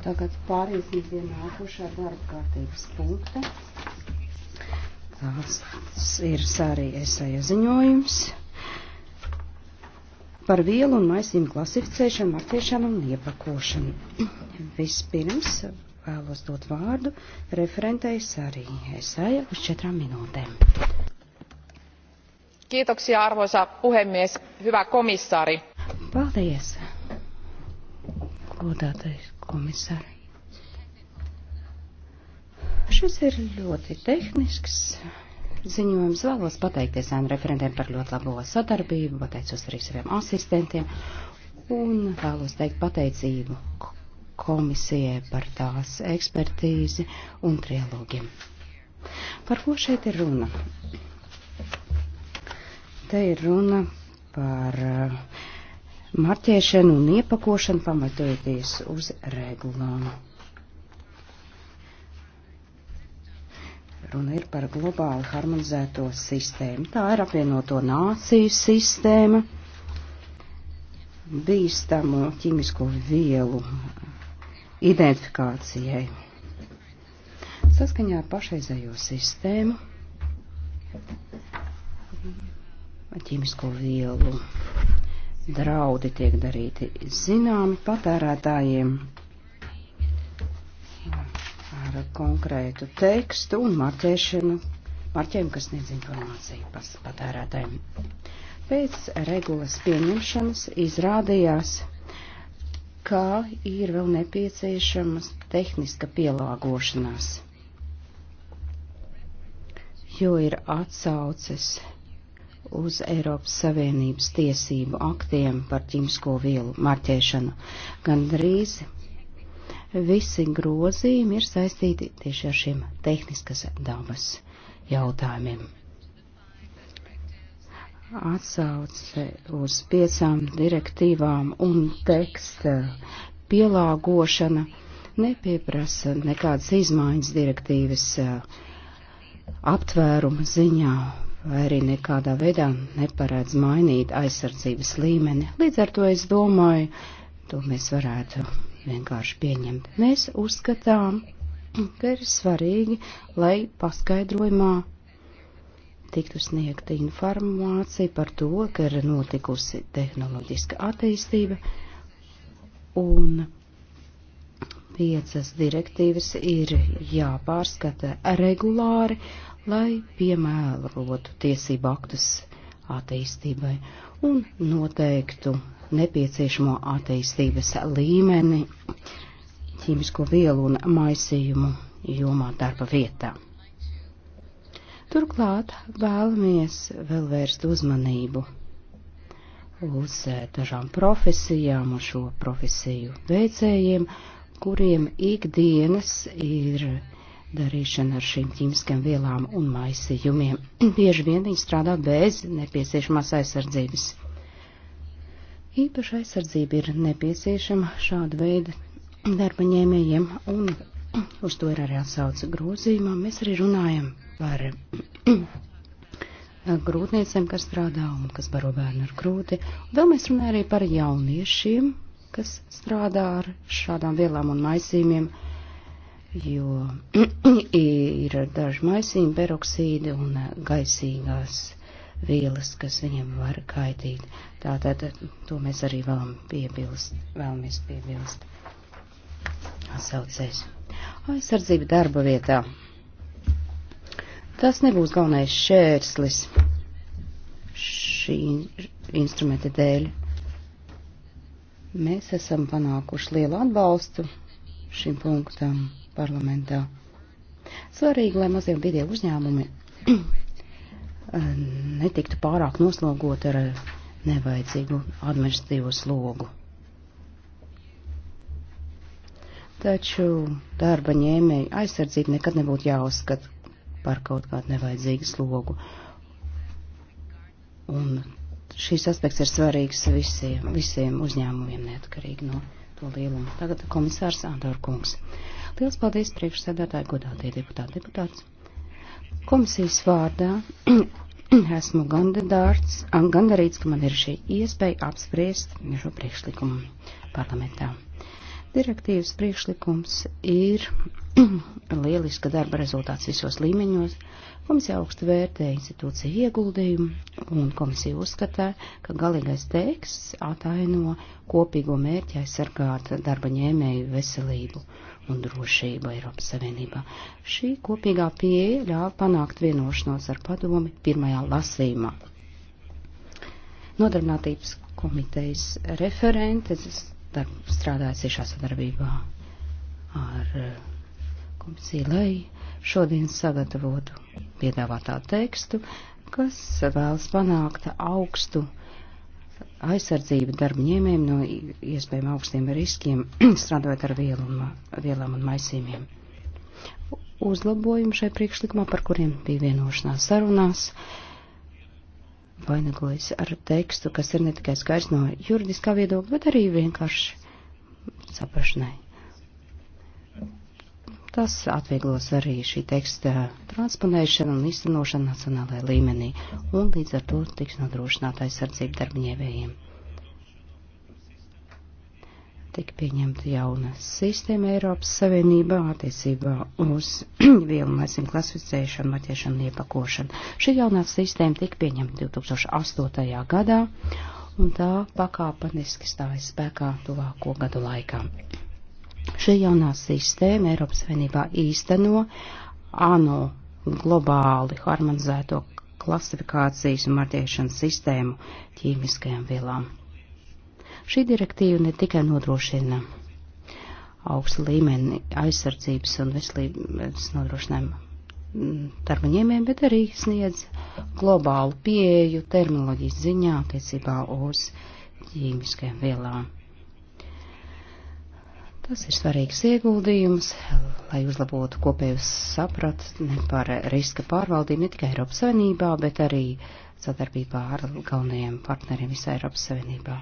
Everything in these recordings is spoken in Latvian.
Tagad pāriesim pie nākošā darba kārtības punkta. Tas ir arī esēja ziņojums par vielu un maisījumu klasificēšanu, marķēšanu un iepakošanu. Vispirms vēlos dot vārdu referentējas arī esēja uz četrām minūtēm. Kiitoksia arvoisa puhemies, hyvä komissaari. Paldies. Godātais komisāri. Šis ir ļoti tehnisks ziņojums. Vēlos pateikties ēnu referentiem par ļoti labo sadarbību, pateicos arī saviem asistentiem un vēlos teikt pateicību komisijai par tās ekspertīzi un trilogiem. Par ko šeit ir runa? Te ir runa par uh, marķēšanu un iepakošanu pamatojoties uz regulām. Runa ir par globāli harmonizēto sistēmu. Tā ir apvienoto nāciju sistēma, bīstamu ķimisko vielu identifikācijai. Saskaņā ar pašreizējo sistēmu ķimisko vielu draudi tiek darīti zināmi patērētājiem ar konkrētu tekstu un marķēšanu, marķējumu, kas sniedz informāciju patērētājiem. Pēc regulas pieņemšanas izrādījās, ka ir vēl nepieciešamas tehniska pielāgošanās, jo ir atsauces uz Eiropas Savienības tiesību aktiem par ķīmisko vielu marķēšanu. Gan drīz visi grozījumi ir saistīti tieši ar šiem tehniskas dabas jautājumiem. Atsauce uz piecām direktīvām un teksta pielāgošana nepieprasa nekādas izmaiņas direktīvas uh, aptvēruma ziņā vai arī nekādā veidā neparādz mainīt aizsardzības līmeni. Līdz ar to es domāju, to mēs varētu vienkārši pieņemt. Mēs uzskatām, ka ir svarīgi, lai paskaidrojumā tiktu sniegta informācija par to, ka ir notikusi tehnoloģiska attīstība un piecas direktīvas ir jāpārskata regulāri, lai piemērotu tiesību aktus attīstībai un noteiktu nepieciešamo attīstības līmeni ķīmisko vielu un maisījumu jomā darba vietā. Turklāt vēlamies vēl vērst uzmanību uz e, dažām profesijām, uz šo profesiju veicējiem, kuriem ikdienas ir darīšana ar šīm ķīmiskām vielām un maisījumiem. Bieži vien viņi strādā bez nepieciešamās aizsardzības. Īpaša aizsardzība ir nepieciešama šāda veida darba ņēmējiem, un uz to ir arī atsauca grozījumā. Mēs arī runājam par grūtniecēm, kas strādā un kas baro bērnu ar krūti. Vēl mēs runājam arī par jauniešiem, kas strādā ar šādām vielām un maisījumiem jo ir daži maisījumi, peroksīdi un eh, gaisīgās vielas, kas viņiem var kaitīt. Tātad to mēs arī vēlam piebilst, vēlamies piebilst. Atsaucēs. Aizsardzība darba vietā. Tas nebūs galvenais šērslis šī instrumenta dēļ. Mēs esam panākuši lielu atbalstu šim punktam parlamentā. Svarīgi, lai mazie un vidie uzņēmumi netiktu pārāk noslogot ar nevajadzīgu administratīvo slogu. Taču darba ņēmēju aizsardzību nekad nebūtu jāuzskata par kaut kādu nevajadzīgu slogu. Un šīs aspekts ir svarīgs visiem, visiem uzņēmumiem, neatkarīgi no to lielumu. Tagad komisārs Andor Kungs. Liels paldies priekšsēdētāji, godātie deputāti, deputāts. Komisijas vārdā esmu gandarīts, gandarīts, ka man ir šī iespēja apspriest šo priekšlikumu parlamentā. Direktīvas priekšlikums ir lieliska darba rezultāts visos līmeņos. Komisija augstu vērtē institūciju ieguldījumu un komisija uzskatā, ka galīgais teksts ataino kopīgo mērķi aizsargāt darba ņēmēju veselību un drošību Eiropas Savienībā. Šī kopīgā pieeja ļāva panākt vienošanos ar padomi pirmajā lasījumā. Nodarbinātības komitejas referentes strādāja ciešā sadarbībā ar eh, komisiju, lai šodien sagatavotu piedāvātā tekstu, kas vēlas panākt augstu aizsardzība darba ņēmējiem no iespējām augstiem riskiem, strādājot ar vieluma, vielām un maisījumiem. Uzlabojumi šai priekšlikumā, par kuriem bija vienošanās sarunās, vainagojas ar tekstu, kas ir ne tikai skaidrs no juridiskā viedokļa, bet arī vienkārši saprašanai. Tas atvieglos arī šī teksta transponēšanu un izcenošanu nacionālajā līmenī, un līdz ar to tiks nodrošināta aizsardzība darbiņievējiem. Tik pieņemta jauna sistēma Eiropas Savienībā attiecībā uz vielu maisiņu klasificēšanu, maķēšanu un iepakošanu. Šī jaunā sistēma tika pieņemta 2008. gadā, un tā pakāpeniski stājas spēkā tuvāko gadu laikā. Šī jaunā sistēma Eiropas Savienībā īsteno ANO globāli harmonizēto klasifikācijas un marķēšanas sistēmu ķīmiskajām vielām. Šī direktīva ne tikai nodrošina augstu līmeni aizsardzības un veselības nodrošinājumu mm, darba ņēmējiem, bet arī sniedz globālu pieeju terminoloģijas ziņā attiecībā uz ķīmiskajām vielām. Tas ir svarīgs ieguldījums, lai uzlabotu kopēju sapratni par riska pārvaldību ne tikai Eiropas Savienībā, bet arī sadarbībā ar galvenajiem partneriem visā Eiropas Savienībā.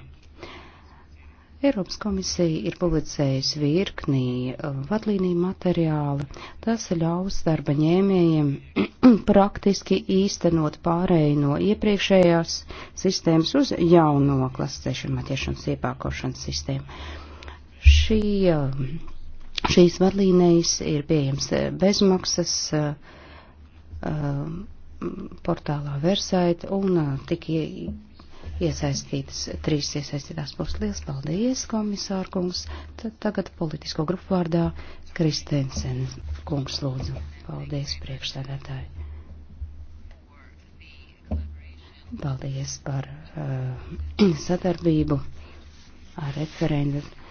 Eiropas komisija ir publicējusi virknī uh, vadlīniju materiālu. Tas ļaus darba ņēmējiem praktiski īstenot pārēju no iepriekšējās sistēmas uz jauno klasēšanu, matiešanas iepākošanas sistēmu. Šī, eh, šīs vadlīnijas ir pieejams eh, bezmaksas eh, portālā Versaita un tik iesaistītas trīs iesaistītās puses. Lielas paldies, komisāra kungs. Tad tagad politisko grupu vārdā Kristensen kungs lūdzu. Paldies, priekšsēdētāji. Paldies par uh, sadarbību ar referendumu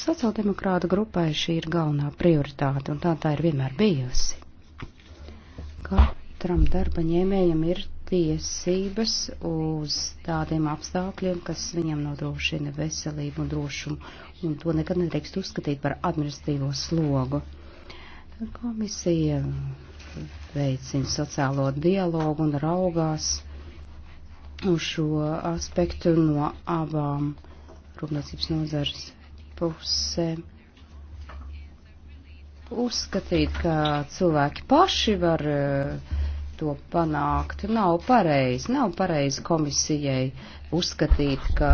Sociāldemokrāta grupai šī ir galvenā prioritāte, un tā tā ir vienmēr bijusi. Katram darba ņēmējam ir tiesības uz tādiem apstākļiem, kas viņam nodrošina veselību un drošumu, un to nekad nedrīkst uzskatīt par administratīvo slogu. Komisija veicina sociālo dialogu un raugās uz šo aspektu no abām rūpniecības nozares pusēm. Uzskatīt, ka cilvēki paši var eh, to panākt, nav pareizi. Nav pareizi komisijai uzskatīt, ka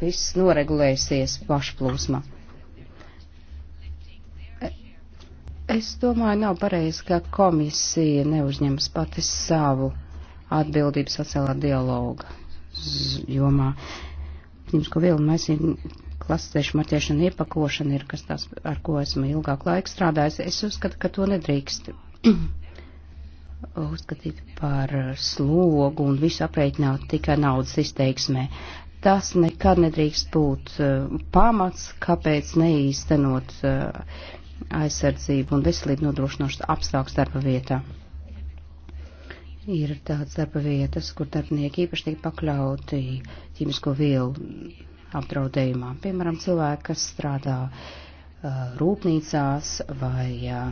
viss noregulēsies pašplūsmā. Es domāju, nav pareizi, ka komisija neuzņems pati savu atbildību sociālā dialoga jomā. Jums, ko vēl mēs klasiskā marķēšana, iepakošana ir, kas tas, ar ko esmu ilgāk laika strādājis. Es uzskatu, ka to nedrīkst uzskatīt par slogu un visu aprēķināt tikai naudas izteiksmē. Tas nekad nedrīkst būt uh, pamats, kāpēc neīstenot uh, aizsardzību un veselību nodrošinošas apstākļus darba vietā. Ir tādas darba vietas, kur darbinieki īpaši tiek pakļauti ķīmisko vielu apdraudējumā. Piemēram, cilvēki, kas strādā uh, rūpnīcās vai uh,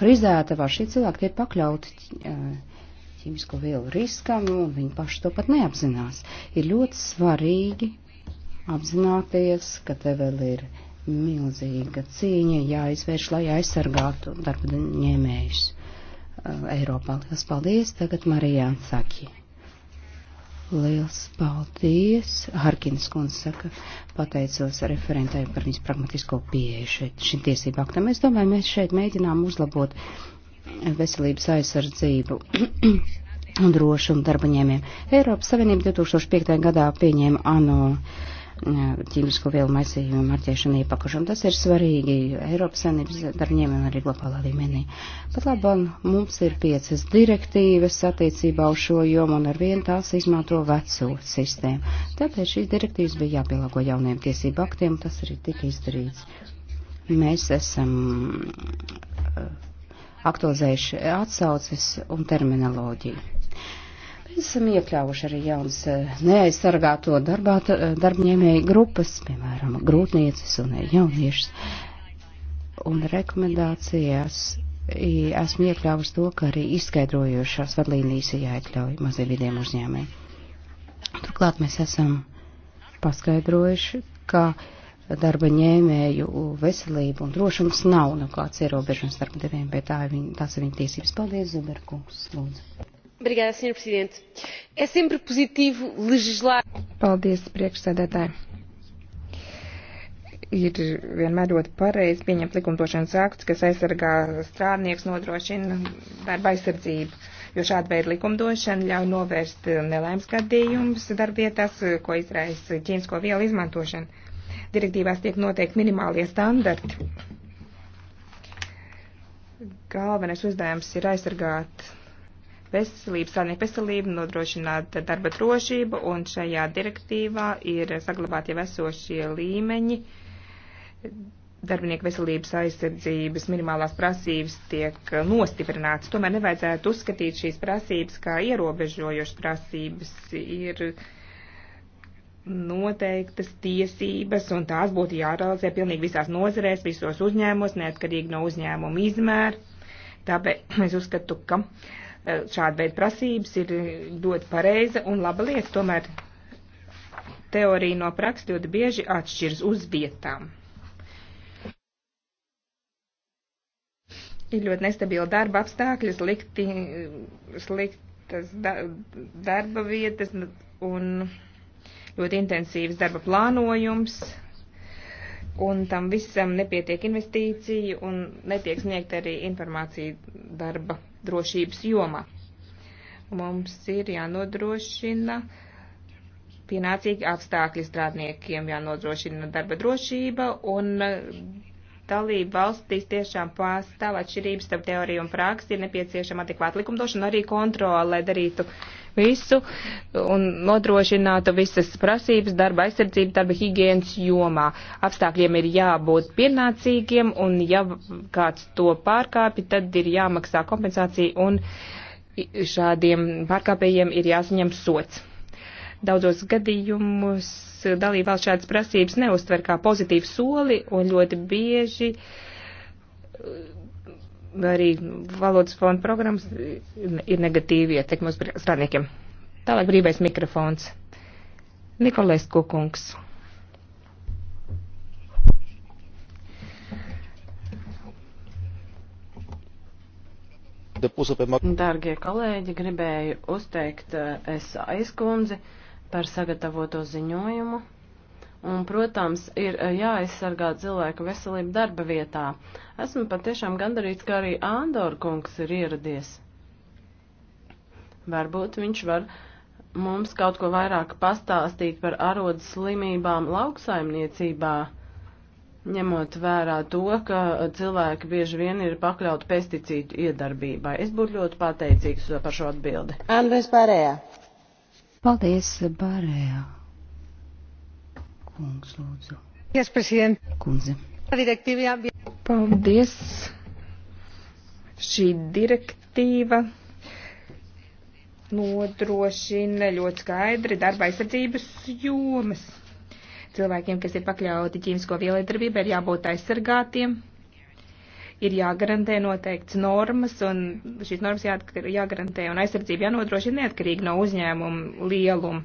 frizētavā, šie cilvēki tiek pakļauti uh, ķīmisko vielu riskam, un viņi paši to pat neapzinās. Ir ļoti svarīgi apzināties, ka te vēl ir milzīga cīņa jāizvērš, lai aizsargātu darba ņēmējus uh, Eiropā. Lielas paldies! Tagad Marijā Saki. Liels paldies! Harkins kundze saka, pateicos referentai par viņas pragmatisko pieeju šeit, šim tiesību aktam. Es domāju, mēs šeit mēģinām uzlabot veselības aizsardzību un drošumu darbaņēmiem. Eiropas Savienība 2005. gadā pieņēma ANO. Uh, ķīmisko vielu maisījumu marķēšanu iepakašam. Tas ir svarīgi Eiropas saimnības darbņiem un arī globālā līmenī. Pat labam mums ir piecas direktīvas attiecībā uz šo jomu un ar vienu tās izmanto veco sistēmu. Tāpēc šīs direktīvas bija jāpielāgo jauniem tiesību aktiem, tas arī tika izdarīts. Mēs esam eh, aktualizējuši atsauces un terminoloģiju. Esam iekļāvuši arī jaunas eh, neaizsargāto darbā, eh, darbņēmēju grupas, piemēram, grūtniecis un jauniešus. Un rekomendācijās esmu iekļāvusi to, ka arī izskaidrojošās vadlīnijas jāiekļauj mazie vidiem uzņēmē. Turklāt mēs esam paskaidrojuši, ka darba ņēmēju veselība un drošums nav nekāds nu, ierobežojums starp deviem, bet tā ir viņa, tās ir viņa tiesības. Paldies, Zuberkungs, lūdzu senhor presidente é sempre positivo legislar. Paldies, priekšsēdētāji. Ir vienmēr ļoti pareizi pieņemt likumdošanas aktus, kas aizsargā strādnieks, nodrošina darba aizsardzību, jo šāda veida likumdošana ļauj novērst nelēmas gadījumus darbvietās, ko izraisa ķīmisko vielu izmantošana. Direktīvās tiek noteikti minimālie standarti. Galvenais uzdevums ir aizsargāt veselību, saimnieku veselību, nodrošināt darba drošību, un šajā direktīvā ir saglabāti jau esošie līmeņi. Darbinieku veselības aizsardzības minimālās prasības tiek nostiprināts. Tomēr nevajadzētu uzskatīt šīs prasības kā ierobežojošas prasības. Ir noteiktas tiesības, un tās būtu jārealizē pilnīgi visās nozarēs, visos uzņēmumos, neatkarīgi no uzņēmuma izmēra. Tāpēc es uzskatu, ka uh, Eh, šāda veida prasības ir eh, ļoti pareiza un laba lieta, tomēr teorija no prakses ļoti bieži atšķiras uz vietām. Ir ļoti nestabila darba apstākļi, slikti, sliktas darba vietas un ļoti intensīvs darba plānojums, un tam visam nepietiek investīciju un netiek sniegt arī informācija darba drošības jomā. Mums ir jānodrošina pienācīgi apstākļi strādniekiem, jānodrošina darba drošība un dalību valstīs tiešām pastāv atšķirības starp teoriju un praksi, ir nepieciešama adekvāta likumdošana, arī kontrola, lai darītu visu un nodrošinātu visas prasības darba aizsardzību, darba higienas jomā. Apstākļiem ir jābūt pienācīgiem, un ja kāds to pārkāpi, tad ir jāmaksā kompensācija, un šādiem pārkāpējiem ir jāsaņem sots. Daudzos gadījumus dalībvalsts šādas prasības neuztver kā pozitīvu soli un ļoti bieži eh, arī valodas fonda programmas ir negatīvi ietekmi uz strādniekiem. Tālāk brīvais mikrofons. Nikolais Kukungs. Dārgie kolēģi, gribēju uzteikt eh, es aizkundzi. Uh, par sagatavoto ziņojumu. Un, protams, ir eh, jāaizsargā cilvēka veselība darba vietā. Esmu patiešām gandarīts, ka arī Āndor kungs ir ieradies. Varbūt viņš var mums kaut ko vairāk pastāstīt par arodas slimībām lauksaimniecībā, ņemot vērā to, ka cilvēki bieži vien ir pakļauti pesticīdu iedarbībai. Es būtu ļoti pateicīgs par šo atbildi. Andres Pārējā. Paldies, Bārējā. Kungs, lūdzu. Yes, Kundze. Paldies. Šī direktīva nodrošina ļoti skaidri darba aizsardzības jomas. Cilvēkiem, kas ir pakļauti ķīmisko vielai darbībai, ir jābūt aizsargātiem ir jāgarantē noteikts normas, un šīs normas jā, jāgarantē, un aizsardzība jānodrošina neatkarīgi no uzņēmuma lieluma.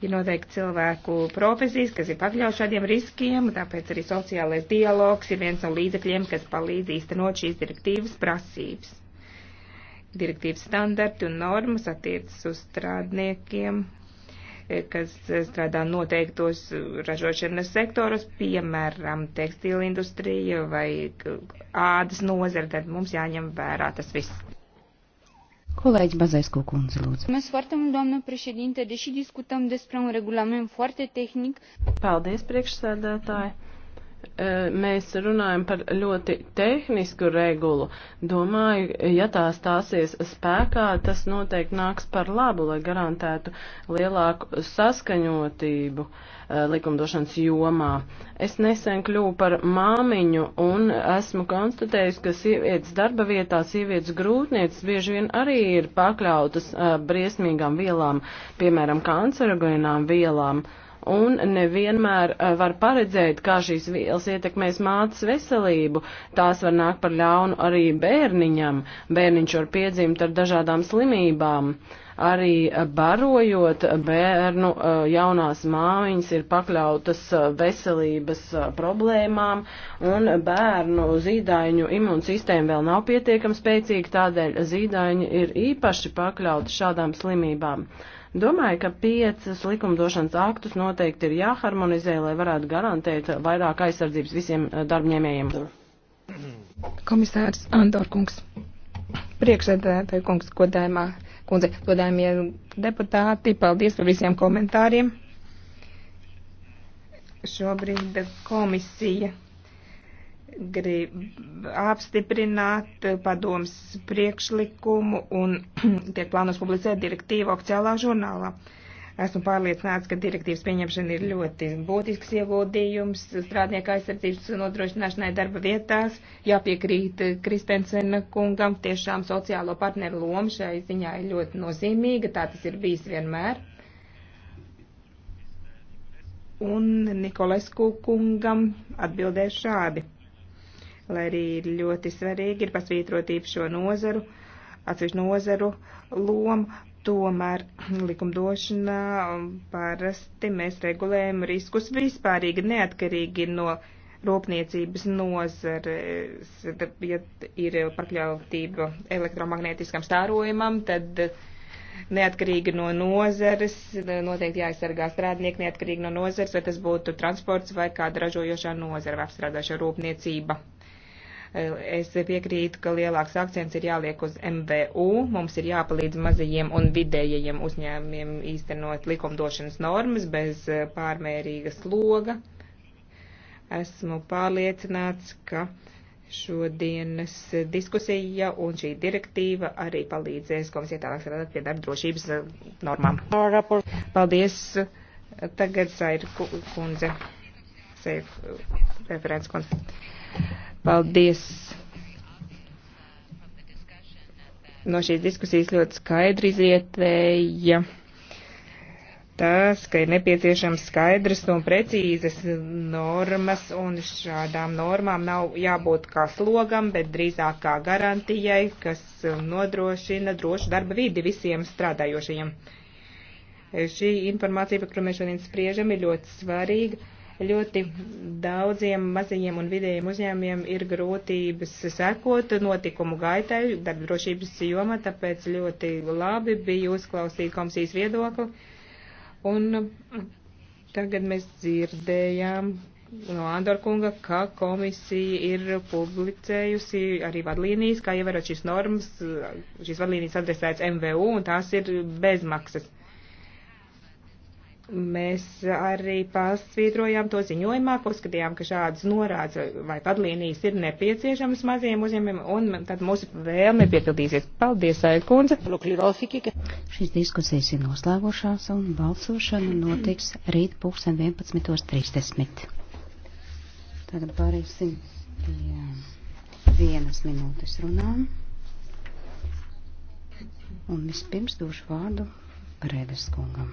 Ir noteikti cilvēku profesijas, kas ir pakļauts šādiem riskiem, tāpēc arī sociālais dialogs ir viens no līdzekļiem, kas palīdz īstenot šīs direktīvas prasības. Direktīvas standarti un normas attiecas uz strādniekiem kas strādā noteiktos ražošanas sektoros, piemēram, tekstīla industrija vai ādas nozara, tad mums jāņem vērā tas viss. Colegi Bazescu cu un ziluz. Mulțumesc foarte mult, doamnă președinte, deși discutăm despre un regulament foarte tehnic. Paldies, priekšsēdētāji. Eh, mēs runājam par ļoti tehnisku regulu. Domāju, ja tā stāsies spēkā, tas noteikti nāks par labu, lai garantētu lielāku saskaņotību eh, likumdošanas jomā. Es nesen kļuvu par māmiņu un esmu konstatējusi, ka sievietes darba vietā, sievietes grūtnieces bieži vien arī ir pakļautas eh, briesmīgām vielām, piemēram, kancerogēnām vielām. Uh, un nevienmēr eh, var paredzēt, kā šīs vielas ietekmēs mātes veselību. Tās var nākt par ļaunu arī bērniņam. Bērniņš var piedzimt ar dažādām slimībām. Arī eh, barojot bērnu eh, jaunās māmiņas ir pakļautas veselības problēmām, un bērnu zīdaiņu imūnsistēma vēl nav pietiekami spēcīga, tādēļ zīdaiņi ir īpaši pakļauti šādām slimībām. Uh, Domāju, ka piecas likumdošanas aktus noteikti ir jāharmonizē, lai varētu garantēt vairāk aizsardzības visiem eh, darbņēmējiem. Komisārs Andor kungs, priekšsēdētāju kungs, godājumā, kundze, godājumie deputāti, paldies par visiem komentāriem. Šobrīd komisija grib apstiprināt padoms priekšlikumu un tiek plānos publicēt direktīvu oficiālā žurnālā. Esmu pārliecināts, ka direktīvas pieņemšana ir ļoti būtisks ieguldījums strādnieka aizsardzības nodrošināšanai darba vietās. Jāpiekrīt Kristensena kungam, tiešām sociālo partneru loma šai ziņā ir ļoti nozīmīga, tā tas ir bijis vienmēr un Nikolesku kungam atbildēs šādi lai arī ir ļoti svarīgi ir pasvītrot īpašo nozaru, atsevišķu nozaru lomu, tomēr likumdošanā parasti mēs regulējam riskus vispārīgi neatkarīgi no rūpniecības nozares, ja ir pakļautība elektromagnētiskam stārojumam, tad neatkarīgi no nozares, noteikti jāaizsargā strādnieki, neatkarīgi no nozares, vai tas būtu transports vai kāda ražojošā nozara vai apstrādāšana rūpniecība. Es piekrītu, ka lielāks akcents ir jāliek uz MVU. Mums ir jāpalīdz mazajiem un vidējajiem uzņēmiem īstenot likumdošanas normas bez eh, pārmērīga sloga. Esmu pārliecināts, ka šodienas diskusija un šī direktīva arī palīdzēs komisijai tālāk strādāt pie darba drošības eh, normām. Paldies. Tagad Saira kundze, Saira referents kundze. Paldies! No šīs diskusijas ļoti skaidri izrietēja tas, ka ir nepieciešams skaidrs un precīzes normas, un šādām normām nav jābūt kā slogam, bet drīzāk kā garantijai, kas nodrošina drošu darba vidi visiem strādājošajiem. Šī informācija, par kuru mēs šodien spriežam, ir ļoti svarīga Ļoti daudziem mazajiem un vidējiem uzņēmiem ir grūtības sekot notikumu gaitai darbdrošības joma, tāpēc ļoti labi bija uzklausīt komisijas viedokli. Un tagad mēs dzirdējām no Andorkunga, ka komisija ir publicējusi arī vadlīnijas, kā ievērot šīs normas, šīs vadlīnijas adresētas MVU un tās ir bezmaksas. Mēs arī pasvītrojām to ziņojumā, paskatījām, ka šādas norādes vai padlīnijas ir nepieciešamas maziem uzņēmumiem, un tad mūsu vēlme piepildīsies. Paldies, Aikundze! Šīs diskusijas ir noslēgušās, un balsošana notiks rīt 11.30. Tagad pārēsim pie vienas minūtes runām. Un vispirms došu vārdu Rēdes kungam.